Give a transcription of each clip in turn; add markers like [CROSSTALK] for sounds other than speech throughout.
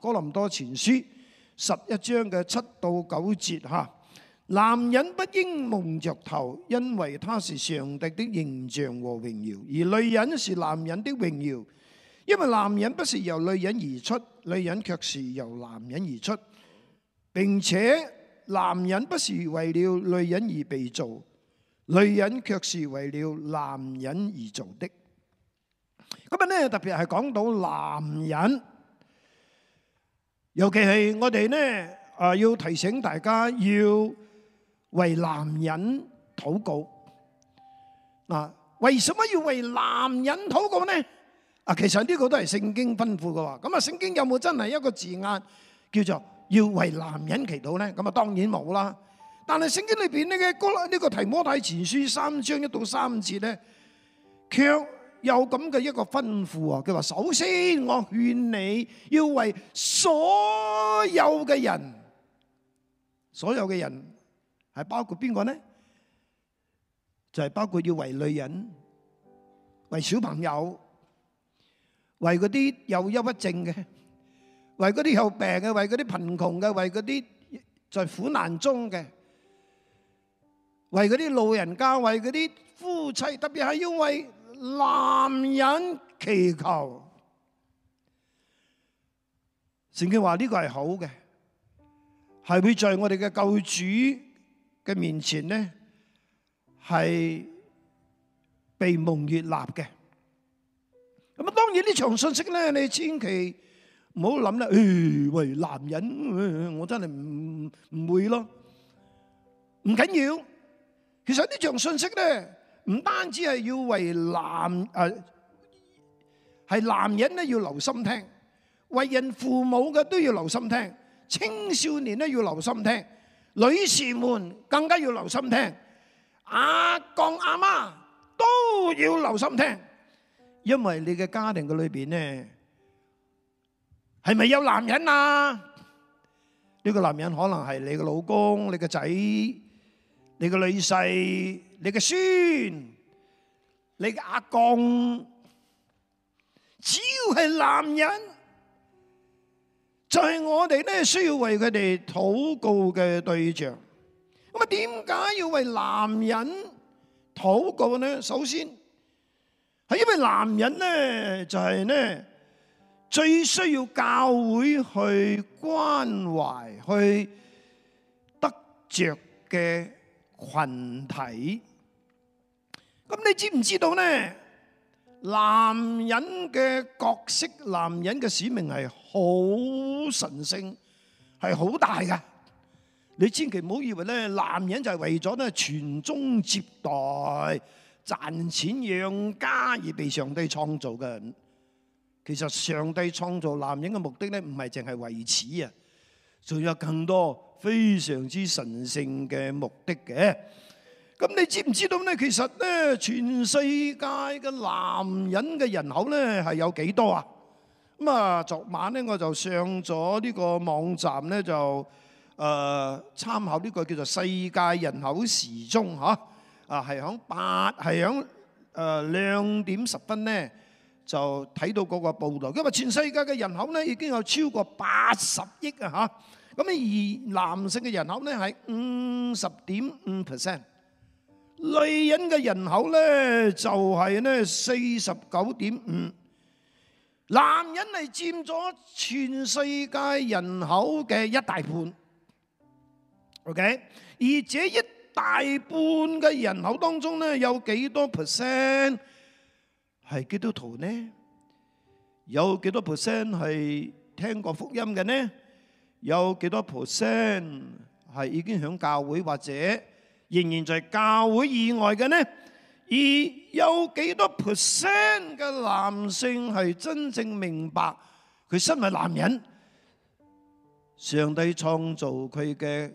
哥林多前書十一章嘅七到九節吓，男人不應蒙着頭，因為他是上帝的形象和榮耀；而女人是男人的榮耀，因為男人不是由女人而出，女人卻是由男人而出，並且男人不是為了女人而被造，女人卻是為了男人而做的。咁啊咧，特別係講到男人。尤其係我哋咧，啊，要提醒大家要為男人禱告。啊，為什麼要為男人禱告呢？啊，其實呢個都係聖經吩咐嘅。咁啊，聖經有冇真係一個字眼叫做要為男人祈禱呢？咁啊，當然冇啦。但係聖經裏邊呢個歌呢個提摩太前書三章一到三節咧，叫。有咁嘅一個吩咐啊！佢話：首先，我勸你要為所有嘅人，所有嘅人係包括邊個呢？就係包括要為女人、為小朋友、為嗰啲有憂鬱症嘅、為嗰啲有病嘅、為嗰啲貧窮嘅、為嗰啲在苦難中嘅、為嗰啲老人家、為嗰啲夫妻，特別係要為。男人祈求，聖經話呢個係好嘅，係會在我哋嘅救主嘅面前呢，係被蒙悅納嘅。咁啊，當然呢場信息咧，你千祈唔好諗啦。咦，喂，男人，我真係唔唔會咯，唔緊要。其實呢場信息咧。唔單止係要為男誒，係男人咧，要留心聽，為人父母嘅都要留心聽，青少年咧，要留心聽，女士們更加要留心聽，阿公阿媽都要留心聽，因為你嘅家庭嘅裏邊呢，係咪有男人啊？呢個男人可能係你嘅老公、你嘅仔、你嘅女婿。你嘅孫，你嘅阿公，只要係男人，就係我哋咧需要為佢哋禱告嘅對象。咁啊，點解要為男人禱告呢？首先係因為男人呢，就係呢最需要教會去關懷去得著嘅羣體。咁你知唔知道咧？男人嘅角色，男人嘅使命係好神聖，係好大㗎。你千祈唔好以為咧，男人就係為咗咧傳宗接代、賺錢養家而被上帝創造嘅人。其實上帝創造男人嘅目的咧，唔係淨係為此啊，仲有更多非常之神聖嘅目的嘅。咁你知唔知道咧？其實咧，全世界嘅男人嘅人口咧係有幾多啊？咁、嗯、啊，昨晚咧我就上咗呢個網站咧，就誒參、呃、考呢個叫做世界人口時鐘嚇，啊係響八係響誒兩點十分咧就睇到嗰個報導，因為全世界嘅人口咧已經有超過八十億啊嚇，咁咧而男性嘅人口咧係五十點五 percent。女人嘅人口咧就係咧四十九點五，男人係佔咗全世界人口嘅一大半。OK，而這一大半嘅人口當中咧，有幾多 percent 係基督徒呢？有幾多 percent 係聽過福音嘅呢？有幾多 percent 係已經響教會或者？仍然在教會以外嘅呢？而有幾多 percent 嘅男性係真正明白佢身為男人，上帝創造佢嘅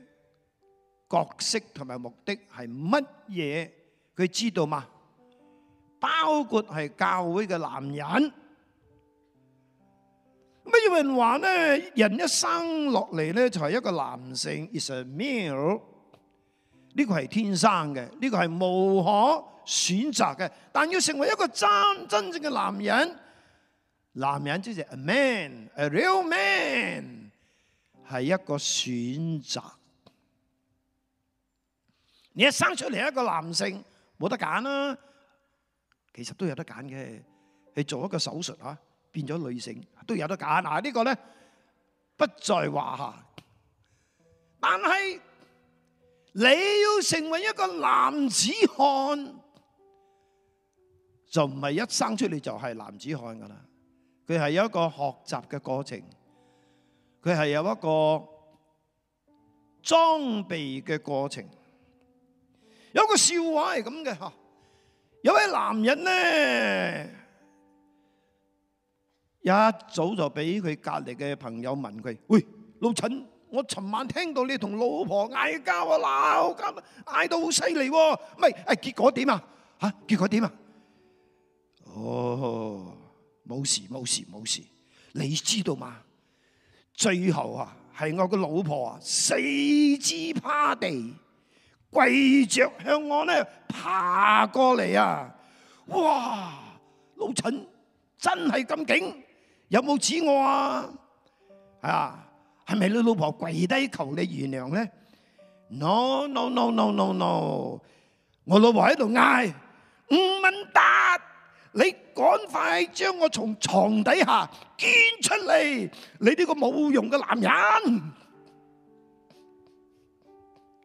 角色同埋目的係乜嘢？佢知道嗎？包括係教會嘅男人。乜有人話咧？人一生落嚟咧，就係一個男性，is a male。呢個係天生嘅，呢個係無可選擇嘅。但要成為一個真真正嘅男人，男人即係 a man，a real man，係一個選擇。你一生出嚟一個男性，冇得揀啦。其實都有得揀嘅，你做一個手術吓，變咗女性都有得揀。嗱，呢個咧不在話下，但係。你要成為一個男子漢，就唔係一生出嚟就係男子漢噶啦。佢係有一個學習嘅過程，佢係有一個裝備嘅過程。有個笑話係咁嘅吓，有位男人咧，一早就俾佢隔籬嘅朋友問佢：喂，老陳。我尋晚聽到你同老婆嗌交啊，鬧交，嗌到好犀利喎。唔係，誒，結果點啊？吓，結果點啊？哦，冇事冇事冇事，你知道嗎？最後啊，係我個老婆啊，四肢趴地，跪着向我呢爬過嚟啊！哇，老陳真係咁勁，有冇指我啊？係啊！係咪你老婆跪低求你原諒咧？No no no no no no！我老婆喺度嗌吳敏達，你趕快將我從床底下捐出嚟！你呢個冇用嘅男人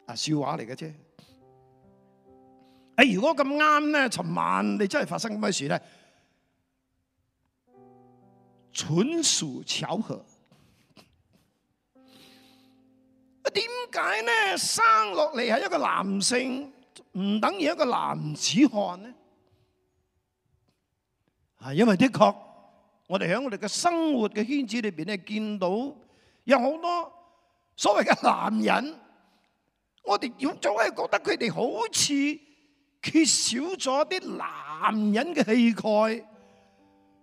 啊！笑話嚟嘅啫！誒，如果咁啱咧，尋晚你真係發生咩事咧，純屬巧合。點解呢？生落嚟係一個男性，唔等於一個男子漢呢？啊，因為的確，我哋喺我哋嘅生活嘅圈子裏邊呢，見到有好多所謂嘅男人，我哋要總係覺得佢哋好似缺少咗啲男人嘅氣概，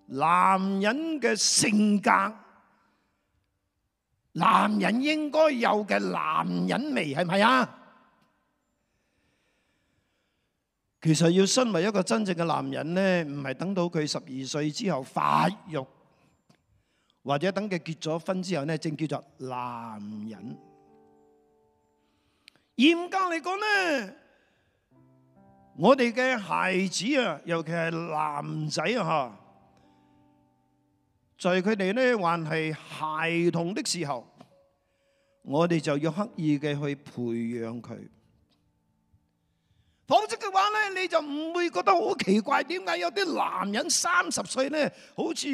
男人嘅性格。男人應該有嘅男人味係咪啊？其實要身為一個真正嘅男人咧，唔係等到佢十二歲之後發育，或者等佢結咗婚之後咧，正叫做男人。嚴格嚟講咧，我哋嘅孩子啊，尤其係男仔啊，吓！在佢哋咧還係孩童的時候，我哋就要刻意嘅去培養佢。否則嘅話咧，你就唔會覺得好奇怪，點解有啲男人三十歲咧好似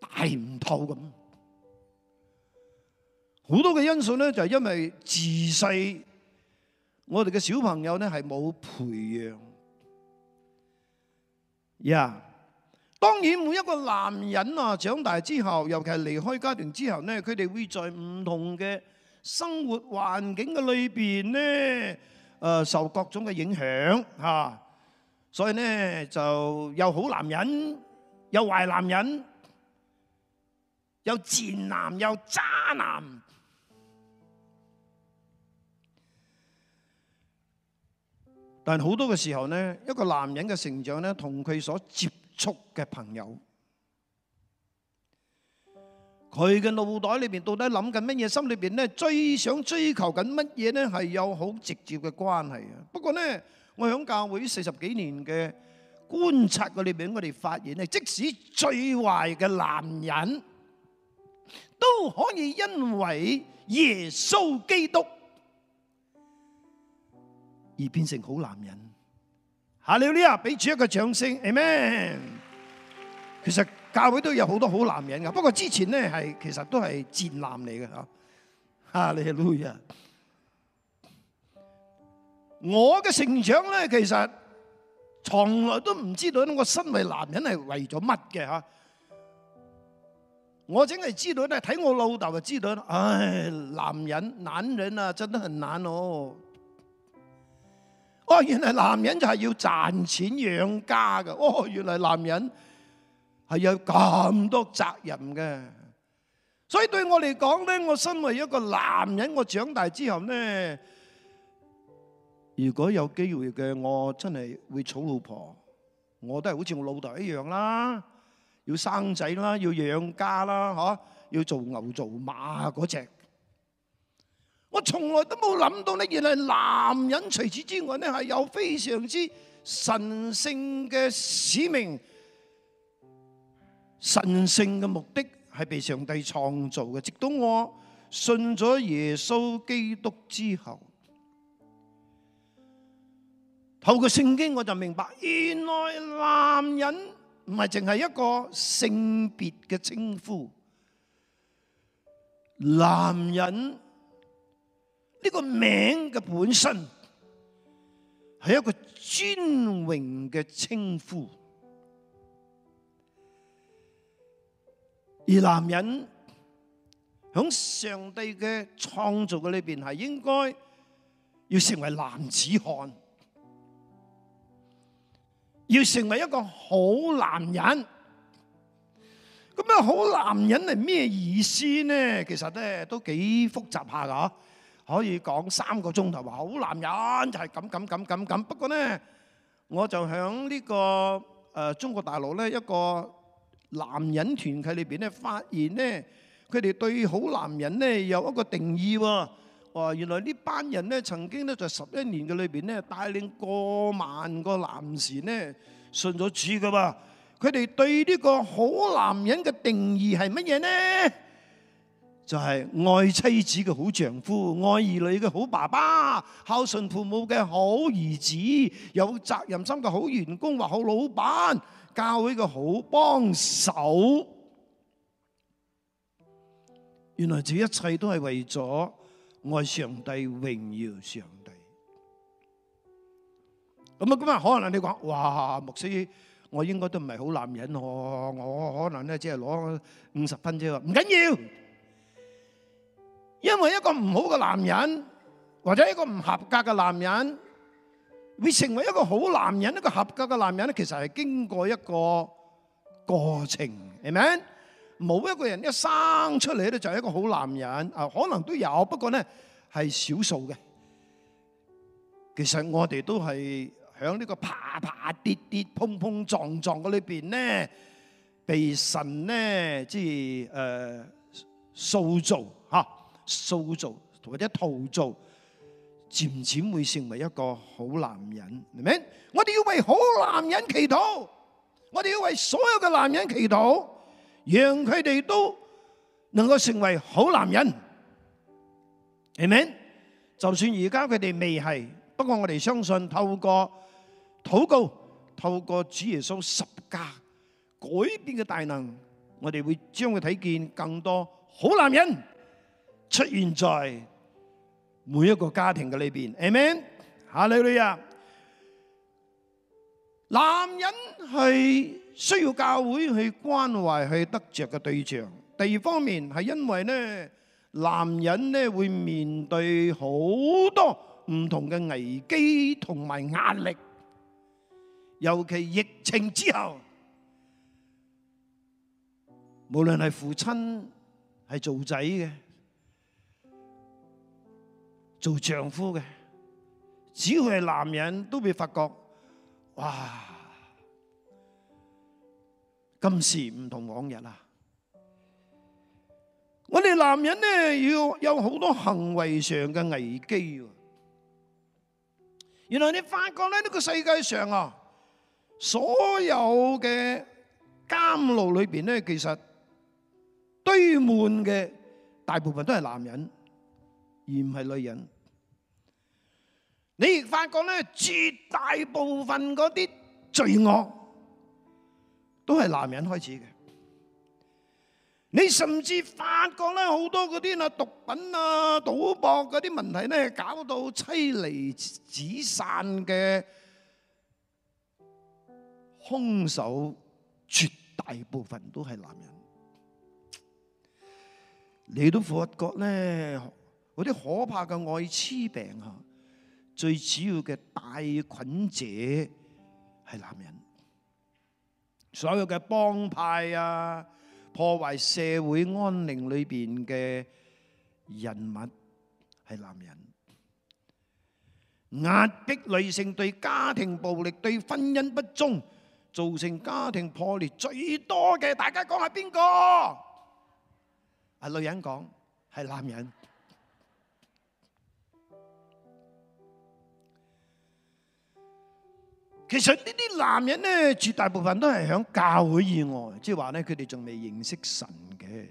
大唔透咁。好多嘅因素咧就係因為自細我哋嘅小朋友咧係冇培養。呀！當然每一個男人啊長大之後，尤其係離開家庭之後咧，佢哋會在唔同嘅生活環境嘅裏邊咧，誒、呃、受各種嘅影響吓、啊，所以咧就有好男人，有壞男人，有賤男，有渣男。但好多嘅時候咧，一個男人嘅成長咧，同佢所接觸嘅朋友，佢嘅腦袋裏邊到底諗緊乜嘢？心裏邊咧最想追求緊乜嘢咧？係有好直接嘅關係啊！不過咧，我響教會四十幾年嘅觀察嘅裏邊，我哋發現咧，即使最壞嘅男人，都可以因為耶穌基督而變成好男人。哈利路亞！俾主一個掌聲，Amen。其實教會都有好多好男人噶，不過之前咧係其實都係賤男嚟嘅嗬。哈利路亞。我嘅成長咧，其實從來都唔知道，我身為男人係為咗乜嘅吓。我淨係知道咧，睇我老豆就知道，唉、哎，男人男人啊，真的很難哦、啊。哦，原來男人就係要賺錢養家噶。哦，原來男人係有咁多責任嘅。所以對我嚟講咧，我身為一個男人，我長大之後咧，如果有機會嘅，我真係會娶老婆，我都係好似我老豆一樣啦，要生仔啦，要養家啦，啊，要做牛做馬嗰隻。我從來都冇諗到呢，原來男人除此之外呢係有非常之神聖嘅使命，神聖嘅目的係被上帝創造嘅。直到我信咗耶穌基督之後，透過聖經我就明白，原來男人唔係淨係一個性別嘅稱呼，男人。呢、這個名嘅本身係一個尊榮嘅稱呼，而男人響上帝嘅創造嘅裏邊係應該要成為男子漢，要成為一個好男人。咁樣好男人係咩意思呢？其實咧都幾複雜下噶。可以講三個鐘頭話好男人就係咁咁咁咁咁，不過呢，我就響呢個呃中國大陸呢一個男人團契裏邊呢發現呢佢哋對好男人呢有一個定義喎，啊。哦，原來呢班人呢曾經呢在十一年嘅裏邊呢帶領過萬個男士呢信咗主噶噃。佢哋對呢個好男人嘅定義係乜嘢呢？就係、是、愛妻子嘅好丈夫，愛兒女嘅好爸爸，孝順父母嘅好兒子，有責任心嘅好員工或好老闆，教會嘅好幫手。原來這一切都係為咗愛上帝、榮耀上帝。咁啊，今日可能你講哇，牧師，我應該都唔係好男人，我可能咧只係攞五十分啫，唔緊要。因為一個唔好嘅男人，或者一個唔合格嘅男人，會成為一個好男人、一個合格嘅男人咧，其實係經過一個過程，係咪？冇一個人一生出嚟咧就係一個好男人啊，可能都有，不過咧係少數嘅。其實我哋都係響呢個爬爬跌跌、碰碰撞撞嗰裏邊咧，被神咧即係誒塑造吓。塑造或者陶造，漸漸會成為一個好男人，明唔明？我哋要為好男人祈禱，我哋要為所有嘅男人祈禱，讓佢哋都能夠成為好男人，明唔明？就算而家佢哋未係，不過我哋相信透過禱告，透過主耶穌十架改變嘅大能，我哋會將會睇見更多好男人。出現在每一個家庭嘅裏面，Amen？下女女啊，男人係需要教會去關懷去得着嘅對象。第二方面係因為咧，男人咧會面對好多唔同嘅危機同埋壓力，尤其疫情之後，無論係父親係做仔嘅。做丈夫嘅，只要係男人都會發覺，哇！今時唔同往日啊！我哋男人呢，要有好多行為上嘅危機。原來你發覺咧，呢個世界上啊，所有嘅監牢裏邊呢，其實堆滿嘅大部分都係男人。而唔係女人，你亦發覺咧，絕大部分嗰啲罪惡都係男人開始嘅。你甚至發覺咧，好多嗰啲啊毒品啊、賭博嗰啲問題咧，搞到妻離子散嘅凶手，絕大部分都係男人。你都發覺咧。嗰啲可怕嘅愛滋病啊，最主要嘅帶菌者係男人。所有嘅幫派啊，破壞社會安寧裏邊嘅人物係男人。壓迫女性、對家庭暴力、對婚姻不忠，造成家庭破裂最多嘅，大家講係邊個？啊，女人講係男人。其實呢啲男人咧，絕大部分都係響教會以外，即係話咧，佢哋仲未認識神嘅。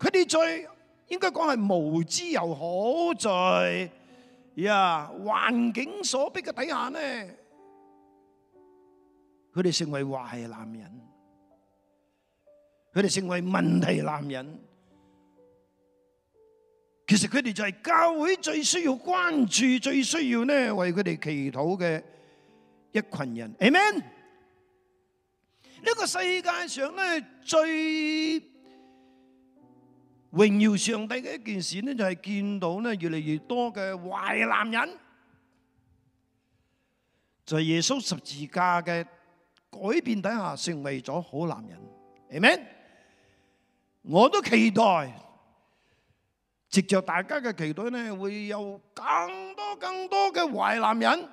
佢哋最應該講係無知又可罪呀，yeah, 環境所逼嘅底下咧，佢哋成為壞男人，佢哋成為問題男人。其實佢哋就係教會最需要關注、最需要呢為佢哋祈禱嘅一群人。Amen，呢個世界上呢最榮耀上帝嘅一件事呢，就係見到呢越嚟越多嘅壞男人，在耶穌十字架嘅改變底下，成為咗好男人。Amen，我都期待。藉着大家嘅期待呢會有更多更多嘅壞男人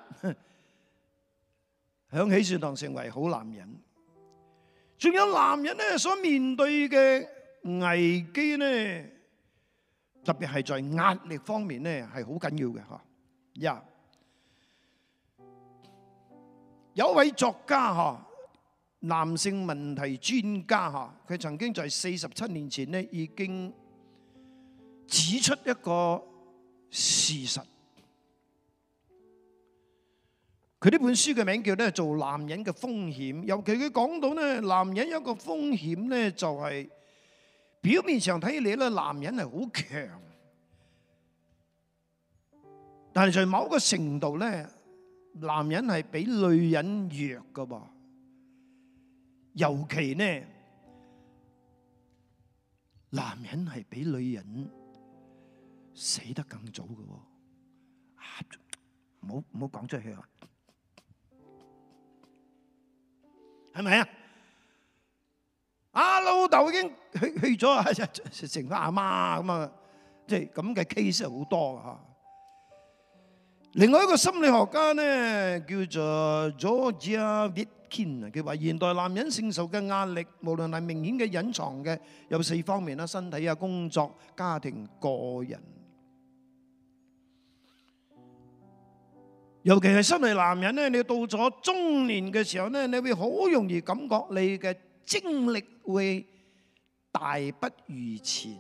響喜善堂成為好男人。仲有男人呢所面對嘅危機呢特別係在壓力方面呢係好緊要嘅嚇。有一位作家嚇，男性問題專家嚇，佢曾經在四十七年前呢已經。指出一個事實，佢呢本書嘅名叫咧做《男人嘅風險》，尤其佢講到咧，男人有一個風險咧就係表面上睇嚟咧，男人係好強，但係在某一個程度咧，男人係比女人弱噶噃，尤其呢，男人係比女人。死得更早嘅，唔好唔好講出去啊！係咪啊？啊老豆已經去去咗，剩翻阿媽咁啊，即係咁嘅 case 好多啊！另外一個心理學家呢，叫做 George Wittgen，佢話現代男人承受嘅壓力，無論係明顯嘅、隱藏嘅，有四方面啦：身體啊、工作、家庭、個人。尤其是身為男人咧，你到咗中年嘅時候咧，你會好容易感覺你嘅精力會大不如前，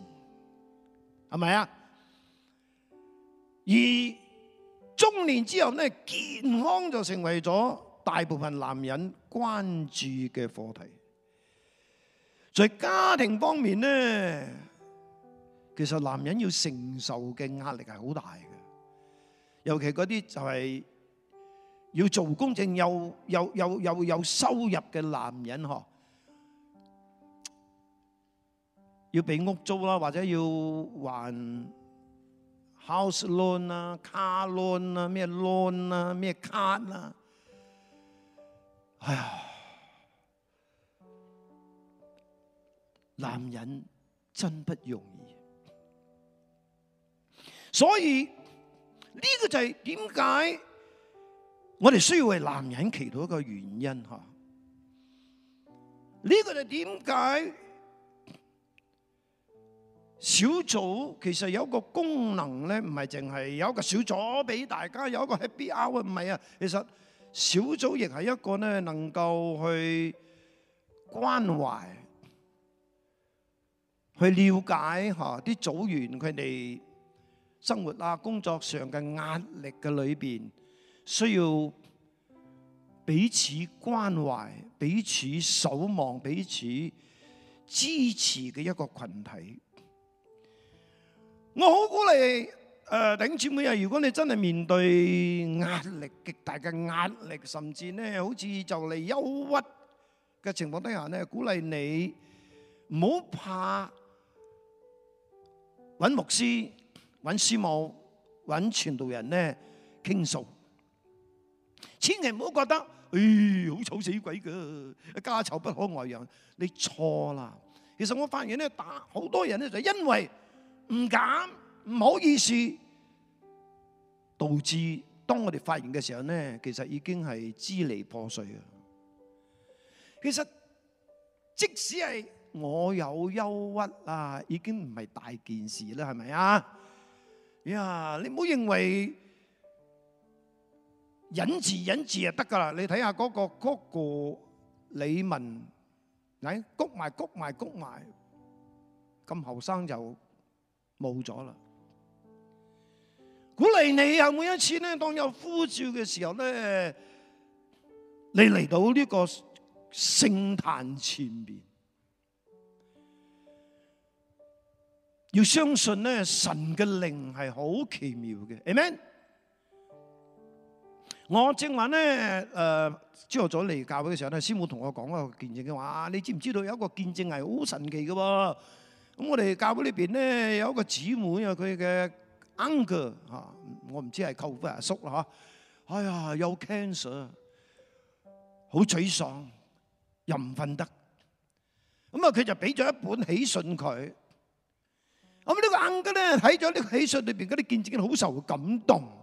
係咪啊？而中年之後咧，健康就成為咗大部分男人關注嘅課題。在家庭方面呢，其實男人要承受嘅壓力係好大嘅，尤其嗰啲就係、是。要做公正又又又又有收入嘅男人嗬，要俾屋租啦，或者要還 house loan 啊、car loan 啊、咩 loan 啊、咩卡啦。哎呀，男人真不容易，所以呢個就係點解，我哋需要為男人祈禱一個原因，吓，呢個就點解小組其實有一個功能咧，唔係淨係有一個小組俾大家有一個 happy hour，唔係啊，其實小組亦係一個咧，能夠去關懷、去了解吓啲組員佢哋生活啊、工作上嘅壓力嘅裏邊。需要彼此關懷、彼此守望、彼此支持嘅一個群體。我好鼓勵誒，頂住每日，如果你真係面對壓力，極大嘅壓力，甚至咧，好似就嚟憂鬱嘅情況底下咧，鼓勵你唔好怕，揾牧師、揾師母、揾傳道人呢傾訴。千祈唔好覺得，誒、哎，好醜死鬼嘅，家醜不可外揚。你錯啦，其實我發現咧，打好多人咧就因為唔敢，唔好意思，導致當我哋發現嘅時候咧，其實已經係支離破碎啊。其實即使係我有憂鬱啊，已經唔係大件事啦，係咪啊？呀、yeah，你唔好認為。忍字，忍字就得噶啦！你睇下嗰個嗰個李文，哎谷埋谷埋谷埋，咁後生就冇咗啦。鼓勵你啊，每一次咧，當有呼召嘅時候咧，你嚟到呢個聖壇前面，要相信咧，神嘅靈係好奇妙嘅，阿們。我正話咧，誒，朝頭早嚟教會嘅時候咧，師母同我講一個見證嘅話，你知唔知道有一個見證係好神奇嘅喎？咁我哋教會裏邊咧有一個姊妹啊，佢嘅 uncle 嚇，我唔知係舅父阿叔啦嚇，哎呀有 cancer，好沮喪，又唔瞓得，咁啊佢就俾咗一本喜訊佢，咁呢個 uncle 咧睇咗呢個喜訊裏邊嗰啲見證，好受感動。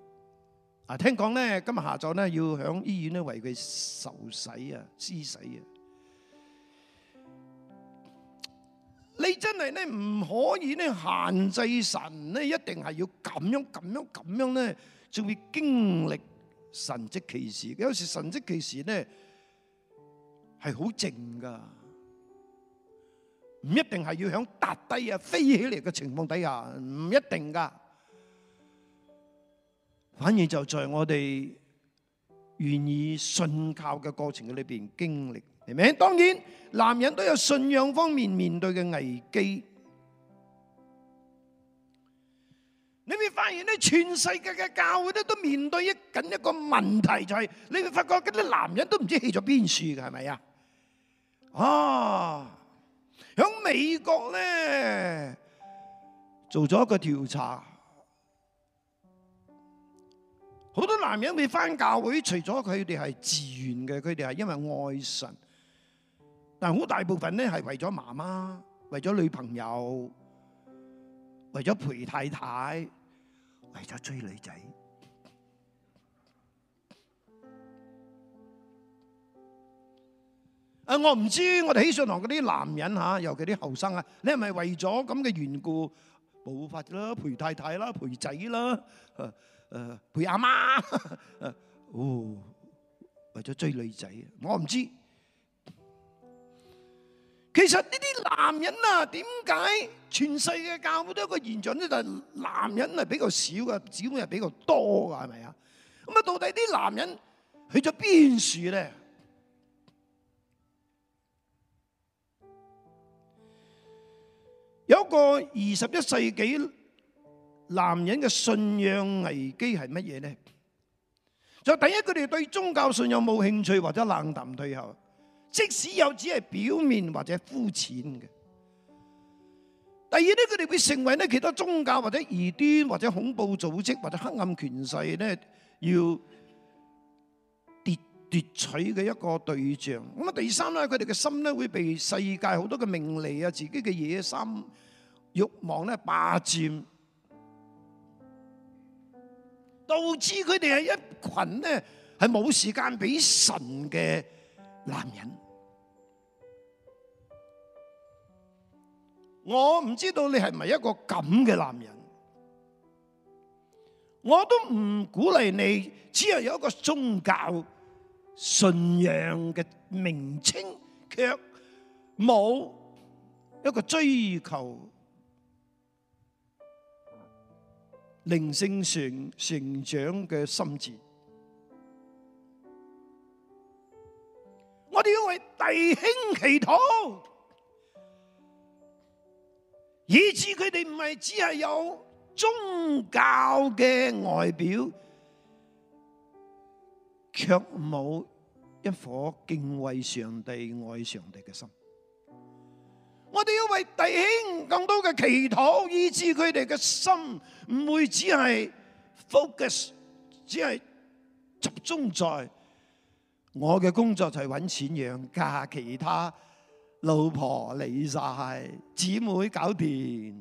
嗱，聽講咧，今日下晝咧要喺醫院咧為佢受洗啊、施洗啊。你真係咧唔可以咧限制神咧，一定係要咁樣、咁樣、咁樣咧，就會經歷神蹟奇事。有時神蹟奇事咧係好靜噶，唔一定係要響撻低啊飛起嚟嘅情況底下，唔一定噶。反而就在我哋願意信靠嘅過程嘅裏邊經歷，係咪？當然男人都有信仰方面面對嘅危機。你會發現咧，全世界嘅教會咧都面對緊一個問題，就係你會發覺嗰啲男人都唔知去咗邊處嘅，係咪啊？哦，喺美國咧做咗一個調查。好多男人去翻教會，除咗佢哋係自願嘅，佢哋係因為愛神。但好大部分咧係為咗媽媽，為咗女朋友，為咗陪太太，為咗追女仔。啊，我唔知我哋喜信堂嗰啲男人嚇，尤其啲後生啊，你係咪為咗咁嘅緣故，冇法啦，陪太太啦，陪仔啦，啊！誒，陪阿媽，誒，哦，為咗追女仔啊，我唔知。其實呢啲男人啊，點解？全世界教會都有一個現象咧，就係男人係比較少嘅，姊妹係比較多噶，係咪啊？咁啊，到底啲男人去咗邊樹咧？有一個二十一世紀。男人嘅信仰危機係乜嘢咧？就第一，佢哋對宗教信仰冇興趣或者冷淡退後，即使又只係表面或者膚淺嘅。第二咧，佢哋會成為咧其他宗教或者異端或者恐怖組織或者黑暗權勢咧要奪奪取嘅一個對象。咁啊，第三咧，佢哋嘅心咧會被世界好多嘅名利啊、自己嘅野心、慾望咧霸占。導致佢哋係一群咧，係冇時間俾神嘅男人。我唔知道你係唔係一個咁嘅男人，我都唔鼓勵你。只係有一個宗教信仰嘅名稱，卻冇一個追求。靈性成成長嘅心智，我哋要為弟兄祈禱，以致佢哋唔係只係有宗教嘅外表，卻冇一顆敬畏上帝、愛上帝嘅心。我哋要為弟兄更多嘅祈禱，以致佢哋嘅心唔會只係 focus，只係集中在我嘅工作就係搵錢養家，其他老婆、理財、姊妹搞掂。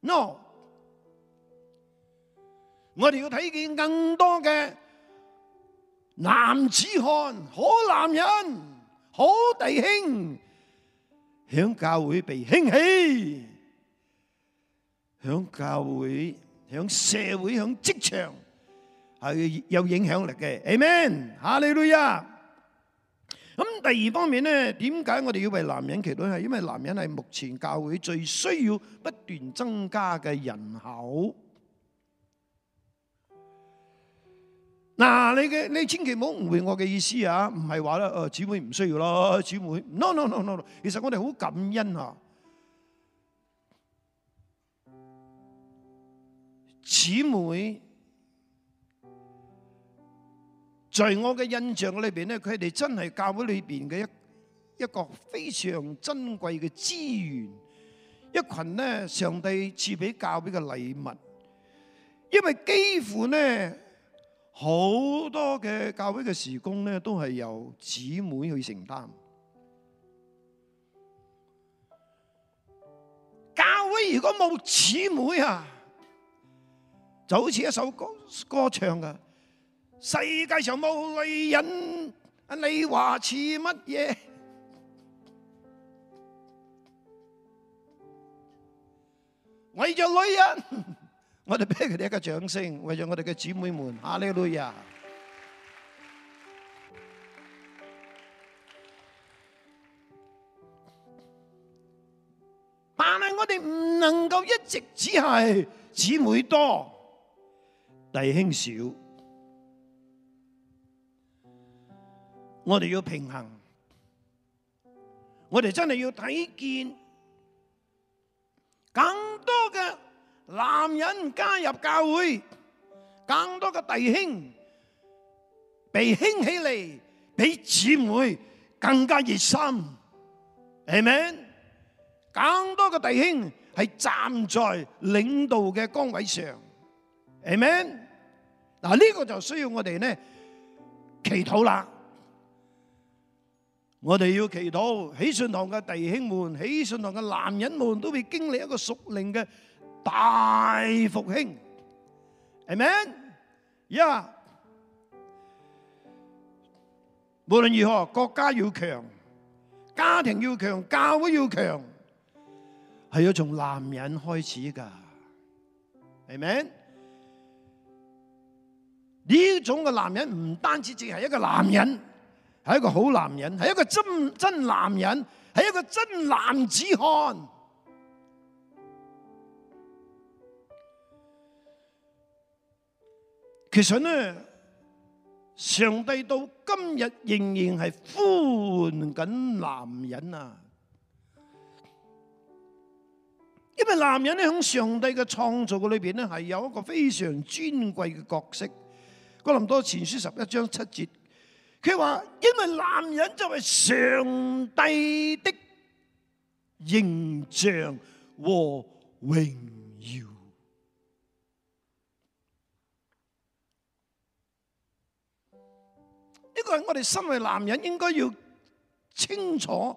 no，我哋要睇見更多嘅男子漢、好男人、好弟兄。響教會被興起，響教會、響社會、響職場係有影響力嘅。Amen，哈利路亞啊！咁第二方面咧，點解我哋要為男人祈禱？係因為男人係目前教會最需要不斷增加嘅人口。嗱，你嘅你千祈唔好誤會我嘅意思啊，唔係話啦，誒、呃，姊妹唔需要咯，姊妹 no no no no no，其實我哋好感恩啊，姊妹，在我嘅印象裏邊咧，佢哋真係教會裏邊嘅一一個非常珍貴嘅資源，一群咧，上帝賜俾教會嘅禮物，因為幾乎呢，好多嘅教會嘅事工咧，都係由姊妹去承擔。教會如果冇姊妹啊，就好似一首歌歌唱嘅，世界上冇女人，你話似乜嘢？為咗女人。我哋俾佢哋一個掌聲，為咗我哋嘅姊妹們，哈利路亞！但係我哋唔能夠一直只係姊妹多，弟兄少。我哋要平衡，我哋真係要睇見更多嘅。男人加入教會，更多嘅弟兄被興起嚟，比姊妹更加熱心，Amen？更多嘅弟兄係站在領導嘅崗位上，Amen？嗱，呢個就需要我哋呢祈禱啦。我哋要祈禱，喜信堂嘅弟兄們，喜信堂嘅男人們都會經歷一個屬靈嘅。大復興，Amen？呀！無論如何，國家要強，家庭要強，教會要強，係要從男人開始噶，Amen？呢種嘅男人唔單止淨係一個男人，係一個好男人，係一個真真男人，係一個真男子漢。其實呢，上帝到今日仍然係呼喚緊男人啊！因為男人呢喺上帝嘅創造嘅裏邊呢，係有一個非常尊貴嘅角色。《哥林多前書》十一章七節，佢話：因為男人就係上帝的形象和榮。呢個係我哋身為男人應該要清楚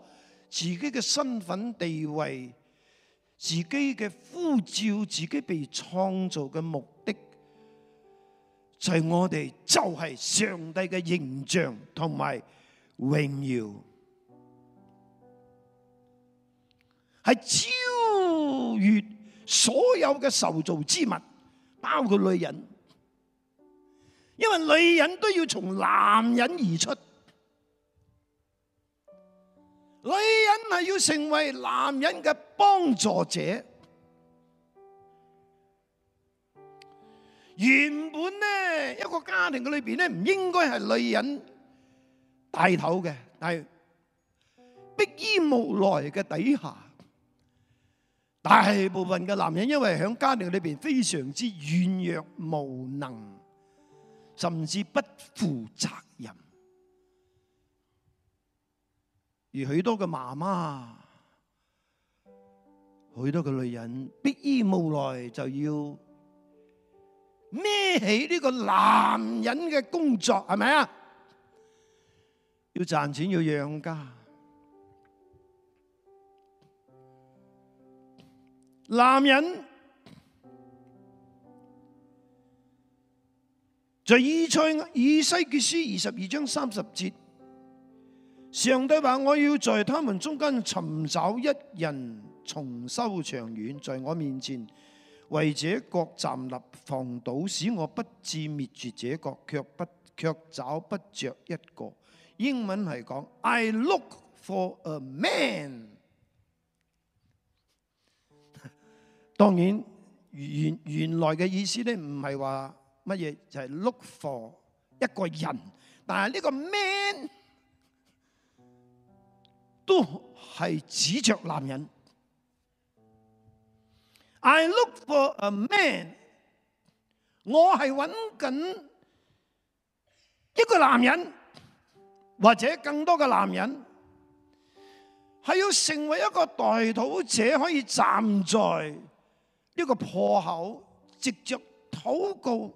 自己嘅身份地位、自己嘅呼召、自己被創造嘅目的，就係、是、我哋就係上帝嘅形象同埋榮耀，係超越所有嘅受造之物，包括女人。因為女人都要從男人而出，女人係要成為男人嘅幫助者。原本呢一個家庭嘅裏邊呢，唔應該係女人帶頭嘅，但係迫於無奈嘅底下，大部分嘅男人因為喺家庭裏邊非常之軟弱無能。甚至不負責任，而許多嘅媽媽，許多嘅女人，迫於無奈就要孭起呢個男人嘅工作，係咪啊？要賺錢，要養家，男人。在以賽以西結書二十二章三十節，上帝話：我要在他們中間尋找一人重修長遠，在我面前為這國站立防堵，使我不至滅絕這國，卻不卻找不着一個。英文係講：I look for a man。當然原原來嘅意思呢，唔係話。乜嘢就係 look for 一個人，但係呢個 man 都係指著男人。I look for a man，我係揾緊一個男人或者更多嘅男人，係要成為一個代禱者，可以站在呢個破口，藉著禱告，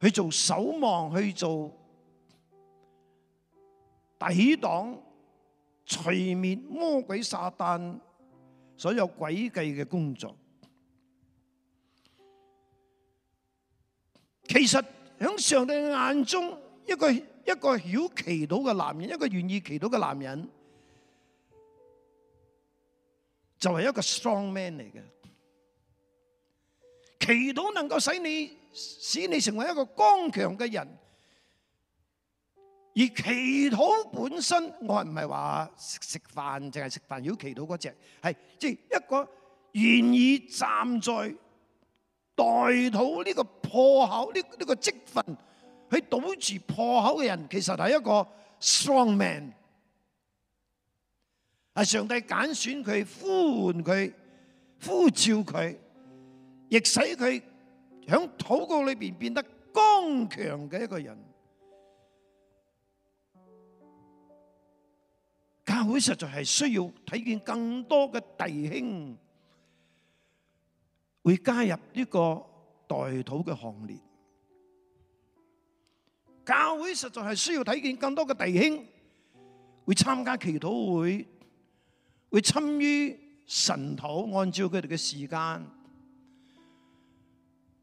去做守望，去做抵擋、除滅魔鬼、撒旦所有詭計嘅工作。其實喺上帝眼中，一個一個曉祈禱嘅男人，一個願意祈禱嘅男人，就係一個 strong man 嚟嘅。祈禱能夠使你使你成為一個剛強嘅人，而祈禱本身我係唔係話食食飯淨係食飯，如果祈禱嗰只係即係一個願意站在代禱呢個破口呢呢個積分去堵住破口嘅人，其實係一個 strong man，係上帝揀選佢、呼喚佢、呼召佢。亦使佢響禱告裏邊變得剛強嘅一個人。教會實在係需要睇見更多嘅弟兄會加入呢個代禱嘅行列。教會實在係需要睇見更多嘅弟兄會參加祈禱會，會參與神禱，按照佢哋嘅時間。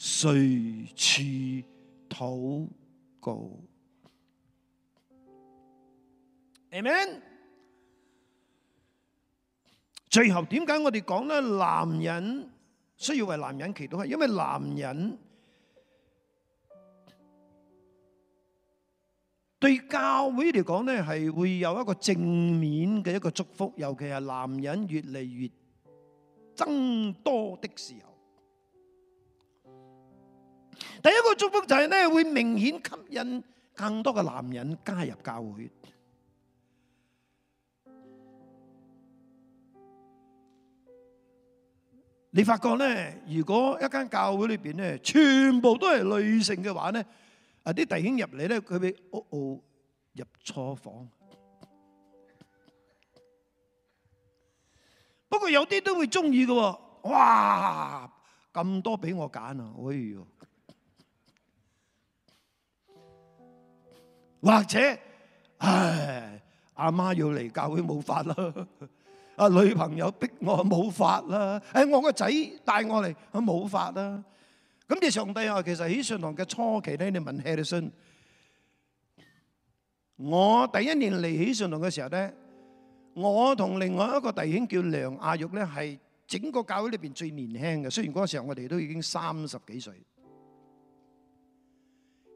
隨處禱告，Amen。最後，點解我哋講咧？男人需要為男人祈禱，係因為男人對教會嚟講咧，係會有一個正面嘅一個祝福。尤其係男人越嚟越增多的時候。第一個祝福就係咧，會明顯吸引更多嘅男人加入教會。你發覺咧，如果一間教會裏面咧，全部都係女性嘅話咧，啊啲弟兄哦哦入嚟咧，佢俾屋哦入錯房。不過有啲都會中意㗎喎，哇！咁多俾我揀啊，哎呦～或者唉，阿媽要嚟教會冇法啦，啊女朋友逼我冇法啦，唉我個仔帶我嚟佢冇法啦。咁你上帝啊，其實喜信堂嘅初期咧，你問 Harrison，我第一年嚟喜信堂嘅時候咧，我同另外一個弟兄叫梁亞玉咧，係整個教會裏邊最年輕嘅。雖然嗰時候我哋都已經三十幾歲。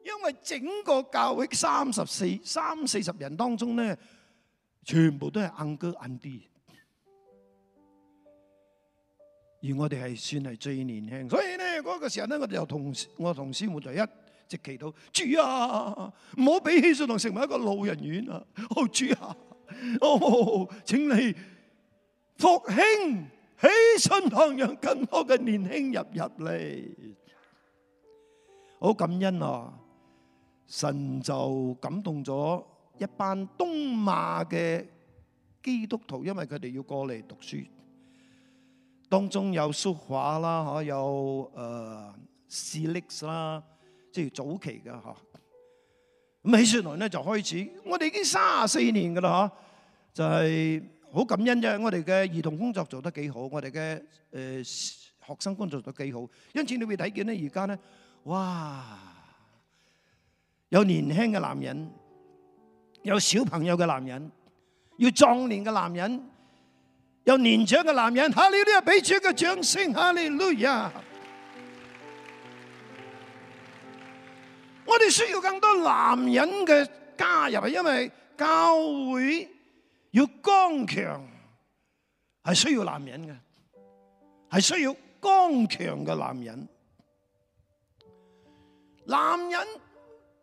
因為整個教會三十四三四十人當中咧，全部都係安哥安娣，而我哋係算係最年輕，所以咧嗰個時候咧，我就同我師母就一直祈禱主啊，唔好俾喜信堂成為一個老人院啊！哦主啊，哦，請你復興喜信堂，讓更多嘅年輕人入嚟，好感恩啊！神就感動咗一班東馬嘅基督徒，因為佢哋要過嚟讀書，當中有書畫啦，可有誒史歷啦，即係早期嘅嚇。咁起説來咧就開始，我哋已經三十四年嘅啦嚇，就係好感恩啫。我哋嘅兒童工作做得幾好，我哋嘅誒學生工作都幾好，因此你會睇見咧而家咧，哇！有年輕嘅男人，有小朋友嘅男人，要壯年嘅男人，有年長嘅男人，哈利路亞！俾主一個掌聲，哈利路亞！ [NOISE] 我哋需要更多男人嘅加入啊，因為教會要剛強，係需要男人嘅，係需要剛強嘅男人，男人。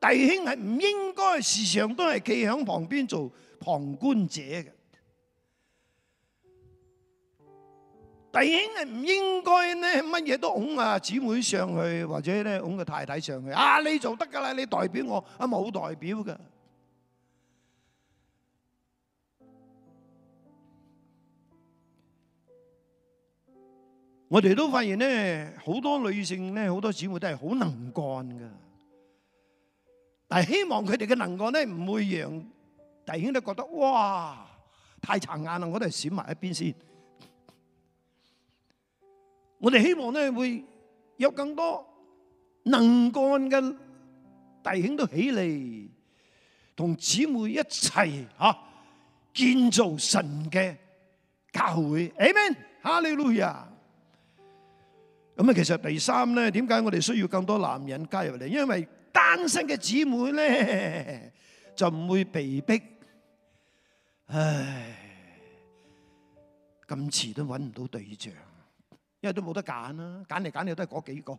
弟兄係唔應該時常都係企喺旁邊做旁觀者嘅，弟兄係唔應該咧乜嘢都拱啊姊妹上去，或者咧拱個太太上去啊，你做得噶啦你代表我啊，冇代表噶我哋都發現咧好多女性咧好多姊妹都係好能幹噶係希望佢哋嘅能幹咧，唔會讓弟兄都覺得哇太殘眼啦，我哋閃埋一邊先。我哋希望咧會有更多能幹嘅弟兄都起嚟，同姊妹一齊吓、啊、建造神嘅教會。阿門，哈利路亞。咁啊，其實第三咧，點解我哋需要更多男人加入嚟？因為單身嘅姊妹咧就唔會被逼，唉，咁遲都揾唔到對象，因為都冇得揀啦，揀嚟揀去都係嗰幾個。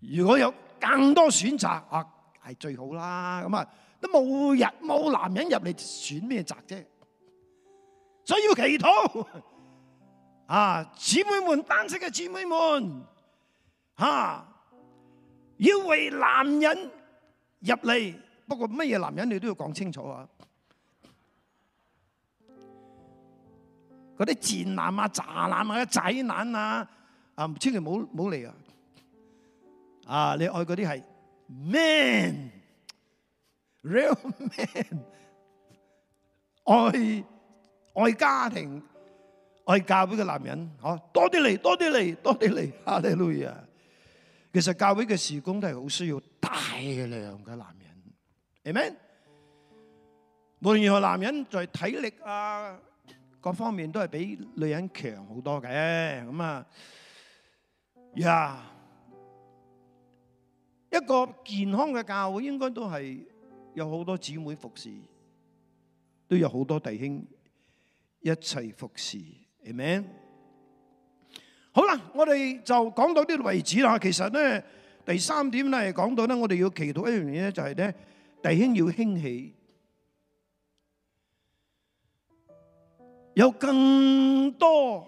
如果有更多選擇，啊，係最好啦。咁啊，都冇人冇男人入嚟選咩擇啫，所以要祈禱啊，姊妹們，單身嘅姊妹們，吓、啊。要為男人入嚟，不過乜嘢男人你都要講清楚啊！嗰啲賤男啊、渣男啊、仔男啊，啊千祈唔好嚟啊！啊，你愛嗰啲係 man，real man，愛愛家庭，愛教會嘅男人，嗬，多啲嚟，多啲嚟，多啲嚟，哈利路亞。其實教會嘅事工都係好需要大量嘅男人，amen。無論任何男人在體力啊，各方面都係比女人強好多嘅，咁啊，呀，yeah，一個健康嘅教會應該都係有好多姊妹服侍，都有好多弟兄一齊服侍，amen。好啦，我哋就講到呢度為止啦。其實咧，第三點咧，講到咧，我哋要祈禱一樣嘢咧，就係咧，弟兄要興起，有更多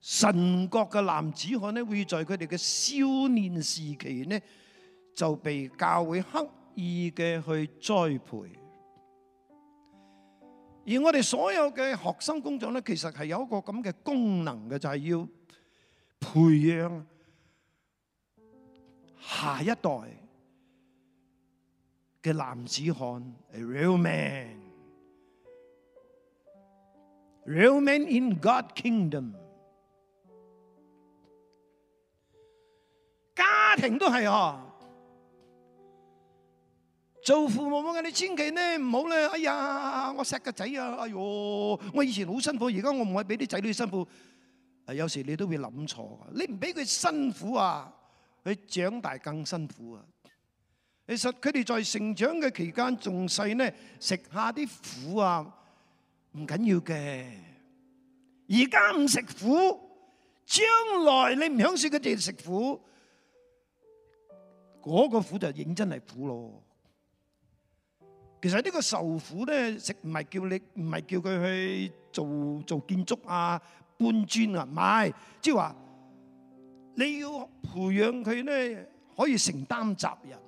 神國嘅男子漢咧，會在佢哋嘅少年時期咧，就被教會刻意嘅去栽培。而我哋所有嘅學生工作咧，其實係有一個咁嘅功能嘅，就係要。培養下一代嘅男子漢，a real man，real man in God kingdom。家庭都係啊，做父母嘅你千祈咧唔好咧。哎呀，我錫個仔啊，哎喲，我以前好辛苦，而家我唔會俾啲仔女辛苦。有時你都會諗錯。你唔俾佢辛苦啊，佢長大更辛苦啊。其實佢哋在成長嘅期間，仲細呢，食下啲苦啊，唔緊要嘅。而家唔食苦，將來你唔享受佢哋食苦，嗰個苦就認真係苦咯。其實呢個受苦咧，食唔係叫你，唔係叫佢去做做建築啊。搬磚啊，唔係，即係話你要培養佢咧，可以承擔責任，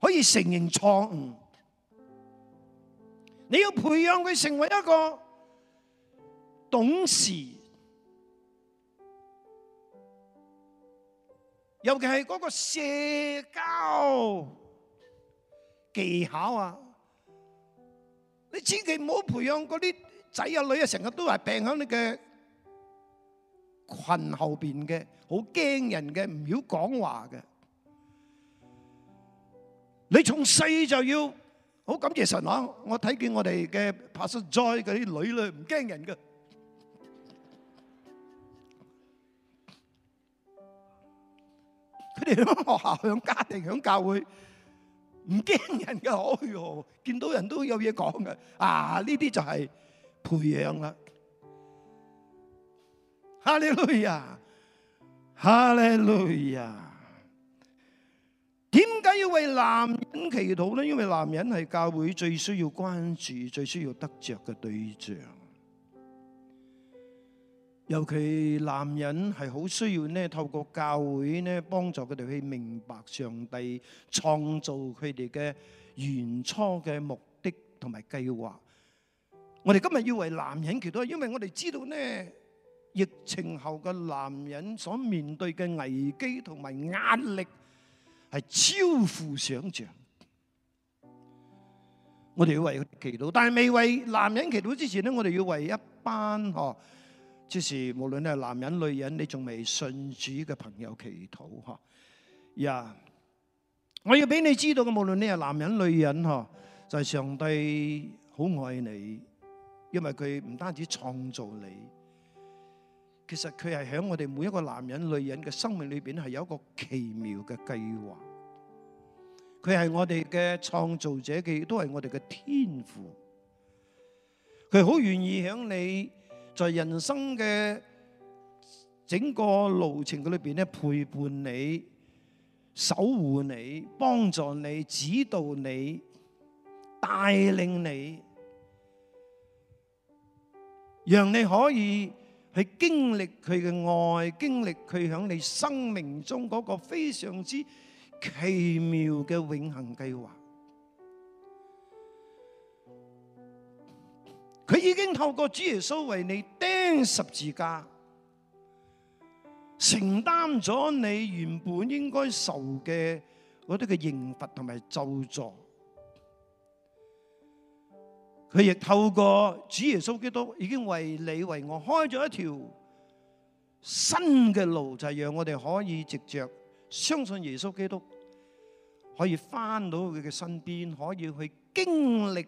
可以承認錯誤。你要培養佢成為一個懂事，尤其係嗰個社交技巧啊！你千祈唔好培養嗰啲。仔啊女啊成日都係病響你嘅群後邊嘅，好驚人嘅，唔要講話嘅。你從細就要好感謝神啊！我睇見我哋嘅 Pastor Joy 嗰啲女女唔驚人嘅，佢哋響學校、響家庭、響教會唔驚人嘅。哎呦，見到人都有嘢講嘅。啊，呢啲就係。培養啦，哈利路亞，哈利路亞。點解要為男人祈禱呢？因為男人係教會最需要關注、最需要得着嘅對象。尤其男人係好需要呢，透過教會呢，幫助佢哋去明白上帝創造佢哋嘅原初嘅目的同埋計劃。我哋今日要為男人祈禱，因為我哋知道呢疫情後嘅男人所面對嘅危機同埋壓力係超乎想象。我哋要為佢祈禱，但係未為男人祈禱之前咧，我哋要為一班嗬，即係無論你係男人女人，你仲未信主嘅朋友祈禱嗬。呀，我要俾你知道嘅，無論你係男人女人嗬，就係上帝好愛你。因為佢唔單止創造你，其實佢係喺我哋每一個男人、女人嘅生命裏邊，係有一個奇妙嘅計劃。佢係我哋嘅創造者，嘅亦都係我哋嘅天父。佢好願意喺你在人生嘅整個路程嘅裏邊咧，陪伴你、守護你、幫助你、指導你、帶領你。讓你可以去經歷佢嘅愛，經歷佢響你生命中嗰個非常之奇妙嘅永恆計劃。佢已經透過主耶穌為你釘十字架，承擔咗你原本應該受嘅嗰啲嘅刑罰同埋咒詛。佢亦透過主耶穌基督，已經為你為我開咗一條新嘅路，就係讓我哋可以藉着相信耶穌基督，可以返到佢嘅身邊，可以去經歷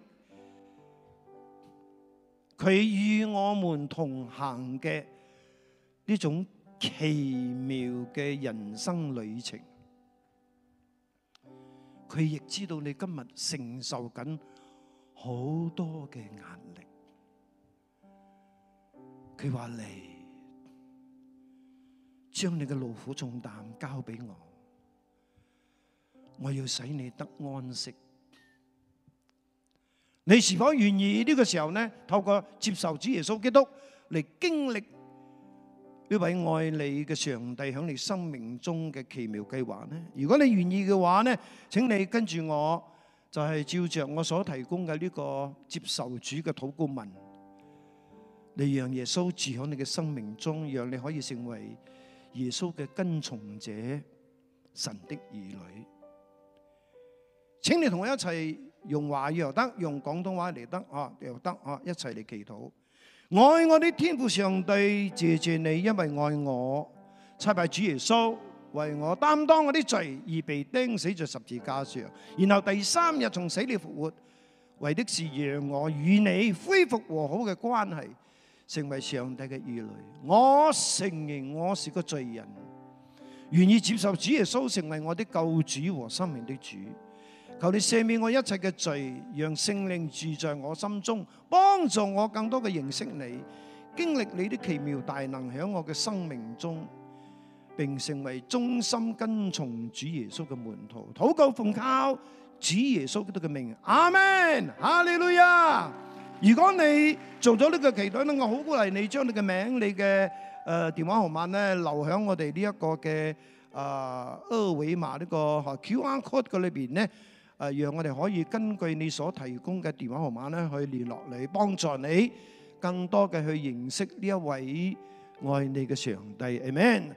佢與我們同行嘅呢種奇妙嘅人生旅程。佢亦知道你今日承受緊。好多嘅壓力，佢話嚟，將你嘅勞苦重擔交俾我，我要使你得安息。你是否願意呢個時候呢？透過接受主耶穌基督嚟經歷呢位愛你嘅上帝響你生命中嘅奇妙計劃呢？如果你願意嘅話呢，請你跟住我。就係照着我所提供嘅呢個接受主嘅禱告文，你讓耶穌住喺你嘅生命中，讓你可以成為耶穌嘅跟從者，神的兒女。請你同我一齊用華語又得，用廣東話嚟得啊，又得啊，一齊嚟祈禱。愛我嘅天父上帝，謝謝你，因為愛我，差派主耶穌，為我擔當我嘅罪而被釘死在十字架上，然後第三日從死裏復活，為的是讓我與你恢復和好嘅關係，成為上帝嘅兒女。我承認我是個罪人，願意接受主耶穌成為我的救主和生命的主。求你赦免我一切嘅罪，讓聖靈住在我心中，幫助我更多嘅認識你，經歷你的奇妙大能響我嘅生命中。並成為忠心跟從主耶穌嘅門徒，禱告奉靠主耶穌基督嘅名，阿門，哈利路亞。如果你做咗呢個祈禱咧，我好鼓勵你將你嘅名、你嘅誒電話號碼咧留喺我哋呢一個嘅啊二維碼呢個 Q R code 嘅裏邊咧，誒，讓我哋可以根據你所提供嘅電話號碼咧去聯絡你，幫助你更多嘅去認識呢一位愛你嘅上帝。阿門。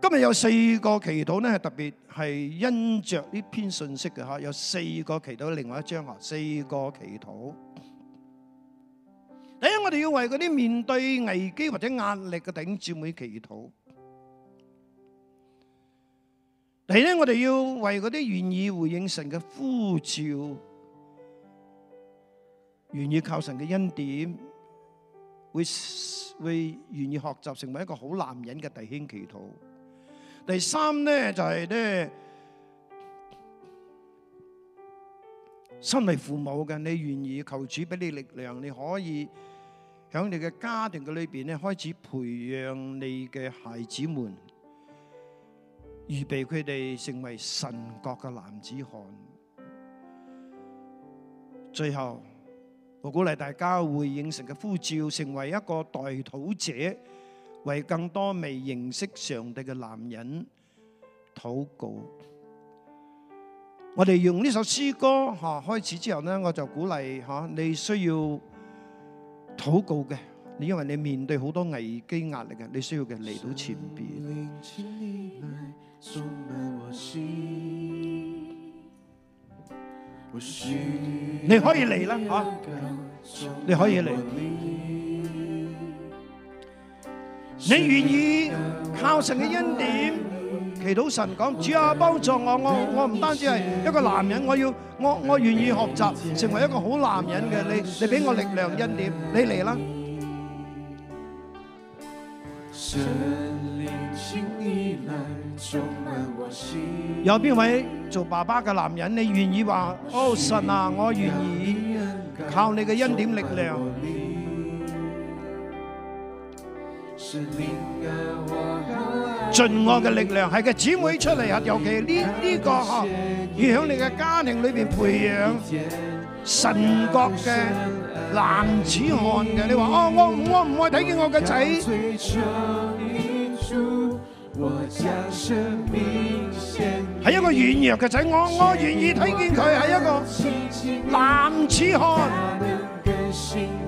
今日有四個祈禱咧，係特別係因着呢篇信息嘅吓，有四個祈禱。另外一張啊，四個祈禱。第一，我哋要為嗰啲面對危機或者壓力嘅弟兄姊妹祈禱。第二，我哋要為嗰啲願意回應神嘅呼召，願意靠神嘅恩典、會會願意學習成為一個好男人嘅弟兄祈禱。第三呢，就係、是、呢，身為父母嘅你願意求主俾你力量，你可以喺你嘅家庭嘅裏邊咧開始培養你嘅孩子們，預備佢哋成為神國嘅男子漢。最後，我鼓勵大家回應神嘅呼召，成為一個代禱者。為更多未認識上帝嘅男人禱告，我哋用呢首詩歌吓開始之後呢，我就鼓勵吓你需要禱告嘅，你因為你面對好多危機壓力嘅，你需要嘅嚟到前邊。你可以嚟啦吓，你可以嚟。你願意靠神嘅恩典祈禱，祈禱神講，主啊，幫助我，我我唔單止係一個男人，我要我我願意學習成為一個好男人嘅，你你俾我力量恩典，你嚟啦！有邊位做爸爸嘅男人，你願意話，哦神啊，我願意靠你嘅恩典力量。盡我嘅力量，係個姊妹出嚟啊！尤其呢呢、這個嗬，要、啊、響你嘅家庭裏邊培養神國嘅男子漢嘅。你話哦，我我唔會睇見我嘅仔係一個軟弱嘅仔，我、哦、我、哦、願意睇見佢係一個男子漢。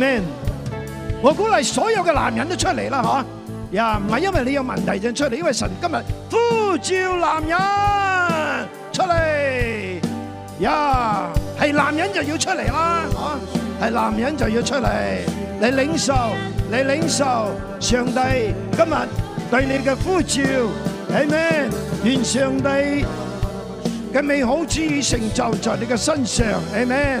Amen，我鼓勵所有嘅男人都出嚟啦，嗬，呀，唔係因為你有問題就出嚟，因為神今日呼召男人出嚟，呀，係男人就要出嚟啦，嗬，係男人就要出嚟，你領受，你領受，上帝今日對你嘅呼召，Amen。願上帝嘅美好旨意成就在你嘅身上，amen。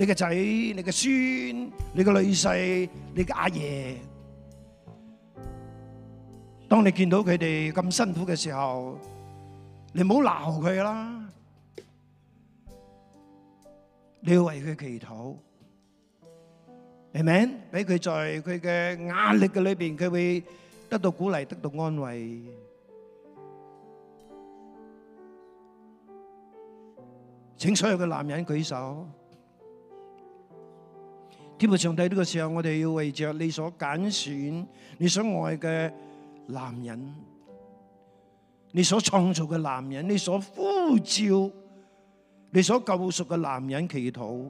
你嘅仔、你嘅孫、你嘅女婿、你嘅阿爺，當你見到佢哋咁辛苦嘅時候，你唔好鬧佢啦，你要為佢祈禱，阿們。俾佢在佢嘅壓力嘅裏邊，佢會得到鼓勵，得到安慰。請所有嘅男人舉手。天父上帝，呢個時候我哋要為着你所揀選、你所愛嘅男人，你所創造嘅男人，你所呼召、你所救贖嘅男人祈禱，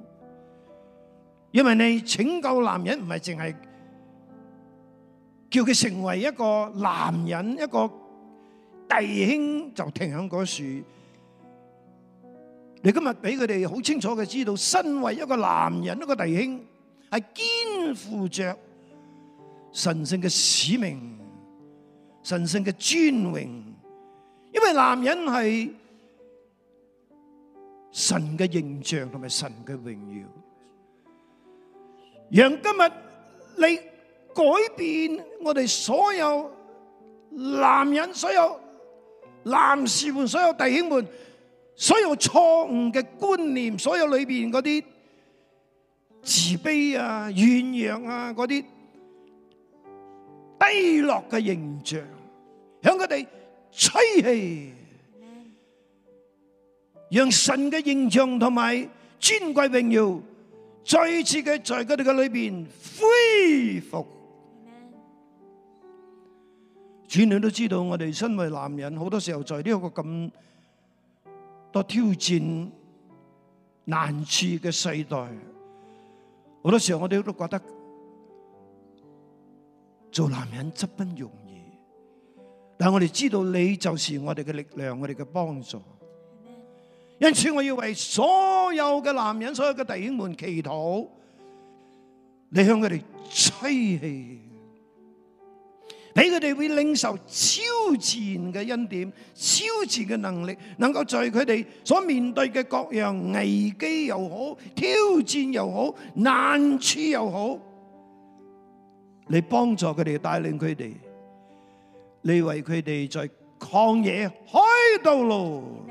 因為你拯救男人，唔係淨係叫佢成為一個男人，一個弟兄就停響嗰樹。你今日俾佢哋好清楚嘅知道，身為一個男人，一個弟兄。係肩負着神聖嘅使命、神聖嘅尊榮，因為男人係神嘅形象同埋神嘅榮耀。讓今日你改變我哋所有男人、所有男士們、所有弟兄們所有錯誤嘅觀念，所有裏邊嗰啲。自卑啊、怨揚啊、嗰啲低落嘅形象，向佢哋吹氣，讓神嘅形象同埋尊貴榮耀再次嘅在佢哋嘅裏邊恢復。主女都知道，我哋身為男人，好多時候在呢個咁多挑戰難處嘅世代。好多時候我哋都覺得做男人則不容易，但我哋知道你就是我哋嘅力量，我哋嘅幫助。因此我要為所有嘅男人、所有嘅弟兄們祈禱，你向佢哋吹氣。俾佢哋會領受超前嘅恩典、超前嘅能力，能夠在佢哋所面對嘅各樣危機又好、挑戰又好、難處又好，嚟幫助佢哋、帶領佢哋，你為佢哋在曠野開道路，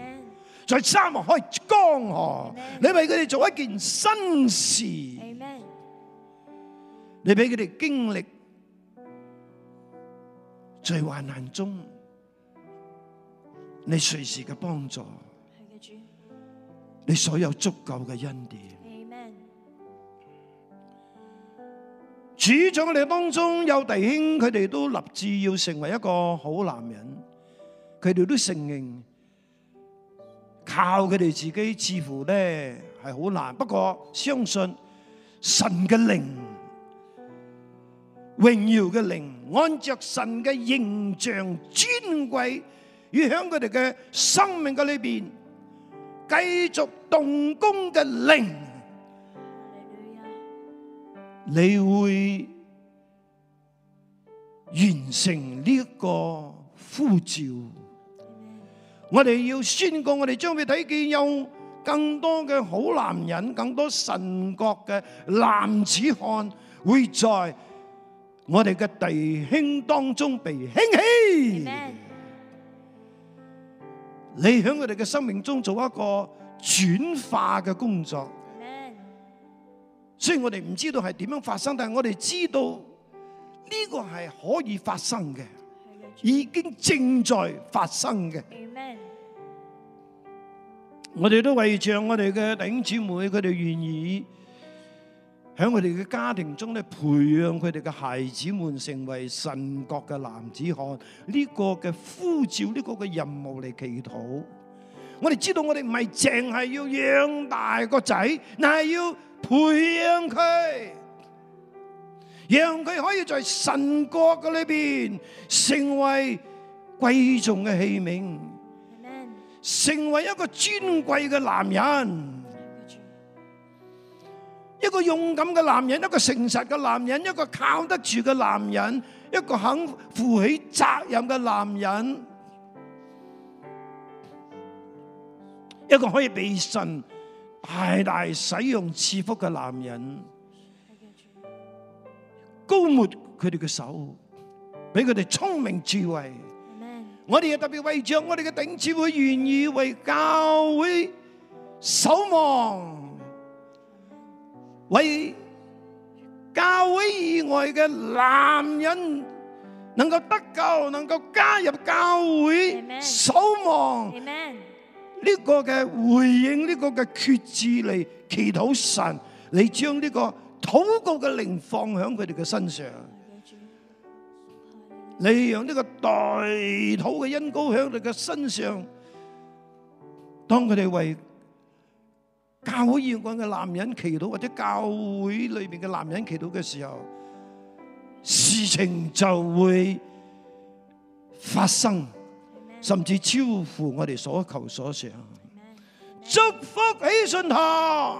在沙漠開江河，你為佢哋做一件新事，你俾佢哋經歷。在患難中，你隨時嘅幫助，你所有足夠嘅恩典。主在我哋當中有弟兄，佢哋都立志要成為一個好男人，佢哋都承認靠佢哋自己似乎呢係好難，不過相信神嘅靈。榮耀嘅靈，按着神嘅形象尊貴，與喺佢哋嘅生命嘅裏邊繼續動工嘅靈，你會完成呢個呼召。我哋要宣告，我哋將會睇見有更多嘅好男人，更多神國嘅男子漢會在我哋嘅弟兄當中被興起，你喺我哋嘅生命中做一個轉化嘅工作。雖然我哋唔知道係點樣發生，但係我哋知道呢個係可以發生嘅，已經正在發生嘅。我哋都為着我哋嘅弟兄姊妹，佢哋願意。喺我哋嘅家庭中咧，培養佢哋嘅孩子們成為神國嘅男子漢，呢個嘅呼召，呢個嘅任務嚟祈禱。我哋知道我哋唔係淨係要養大個仔，但係要培養佢，讓佢可以在神國嘅裏邊成為貴重嘅器皿，成為一個尊貴嘅男人。一個勇敢嘅男人，一個誠實嘅男人，一個靠得住嘅男人，一個肯負起責任嘅男人，一個可以俾神大大使用賜福嘅男人，膏抹佢哋嘅手，俾佢哋聰明智慧。我哋特別為着我哋嘅弟兄會願意為教會守望。為教會以外嘅男人，能夠得救，能夠加入教會，守望呢個嘅回應，呢個嘅決志嚟祈禱神，嚟將呢個禱告嘅靈放喺佢哋嘅身上，你讓呢個代禱嘅恩膏響佢哋嘅身上，當佢哋為教會嘅男人祈禱，或者教會裏邊嘅男人祈禱嘅時候，事情就會發生，甚至超乎我哋所求所想。祝福喜信堂，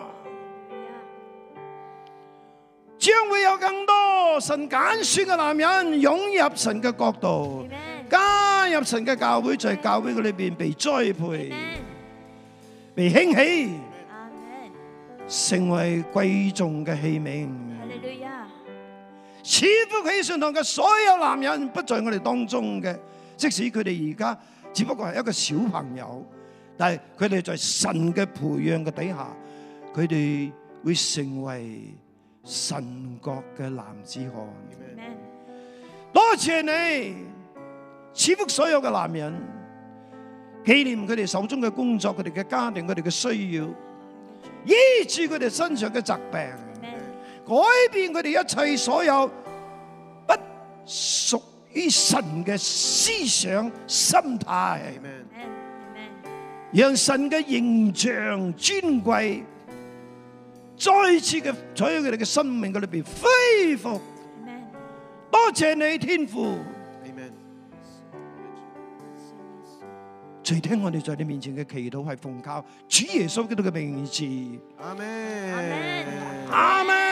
將會有更多神揀選嘅男人湧入神嘅國度，加入神嘅教會，在教會嘅裏邊被栽培、被興起。成為貴重嘅器皿，賜福喜信堂嘅所有男人，不在我哋當中嘅，即使佢哋而家只不過係一個小朋友，但係佢哋在神嘅培養嘅底下，佢哋會成為神國嘅男子漢。多謝你，賜福所有嘅男人，紀念佢哋手中嘅工作，佢哋嘅家庭，佢哋嘅需要。醫治佢哋身上嘅疾病，改變佢哋一切所有不屬於神嘅思想心態，讓神嘅形象尊貴再次嘅喺佢哋嘅生命嘅裏邊恢復。多謝你，天父。垂聽我哋在你面前嘅祈禱係奉靠主耶穌基督嘅名字，阿門，阿門，阿門。